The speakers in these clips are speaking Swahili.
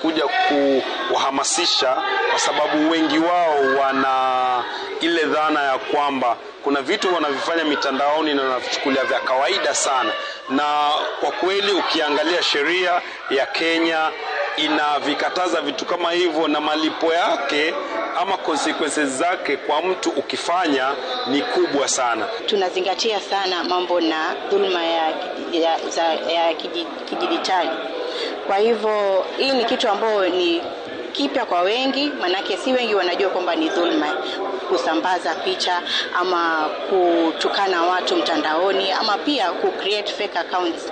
tumekuja kuwahamasisha kwa sababu wengi wao wana ile dhana ya kwamba kuna vitu wanavifanya mitandaoni na wanavichukulia vya kawaida sana, na kwa kweli ukiangalia sheria ya Kenya inavikataza vitu kama hivyo, na malipo yake ama konsekwensi zake kwa mtu ukifanya ni kubwa sana. Tunazingatia sana mambo na dhuluma ya, ya, ya, ya kidijitali. Kwa hivyo hii ni kitu ambayo ni kipya kwa wengi, manake si wengi wanajua kwamba ni dhulma kusambaza picha ama kutukana watu mtandaoni ama pia ku create fake accounts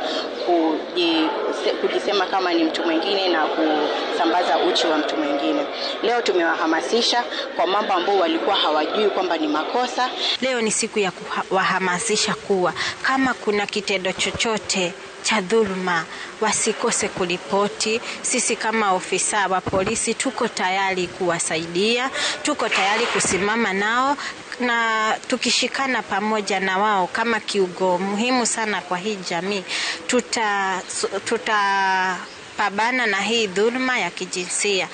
kujisema kama ni mtu mwingine na kusambaza uchi wa mtu mwingine. Leo tumewahamasisha kwa mambo ambayo walikuwa hawajui kwamba ni makosa. Leo ni siku ya kuwahamasisha kuwa kama kuna kitendo chochote cha dhuluma wasikose kulipoti. Sisi kama ofisa wa polisi tuko tayari kuwasaidia, tuko tayari kusimama nao na tukishikana pamoja na wao kama kiungo muhimu sana kwa hii jamii, tuta tutapambana na hii dhuluma ya kijinsia.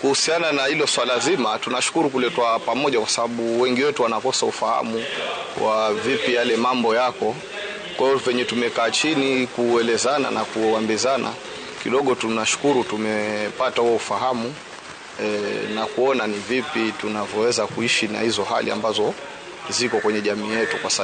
Kuhusiana na hilo swala zima, tunashukuru kuletwa pamoja, kwa sababu wengi wetu wanakosa ufahamu wa vipi yale mambo yako kwa hiyo venye tumekaa chini kuelezana na kuambizana kidogo, tunashukuru tumepata huo ufahamu e, na kuona ni vipi tunavyoweza kuishi na hizo hali ambazo ziko kwenye jamii yetu kwa sasa.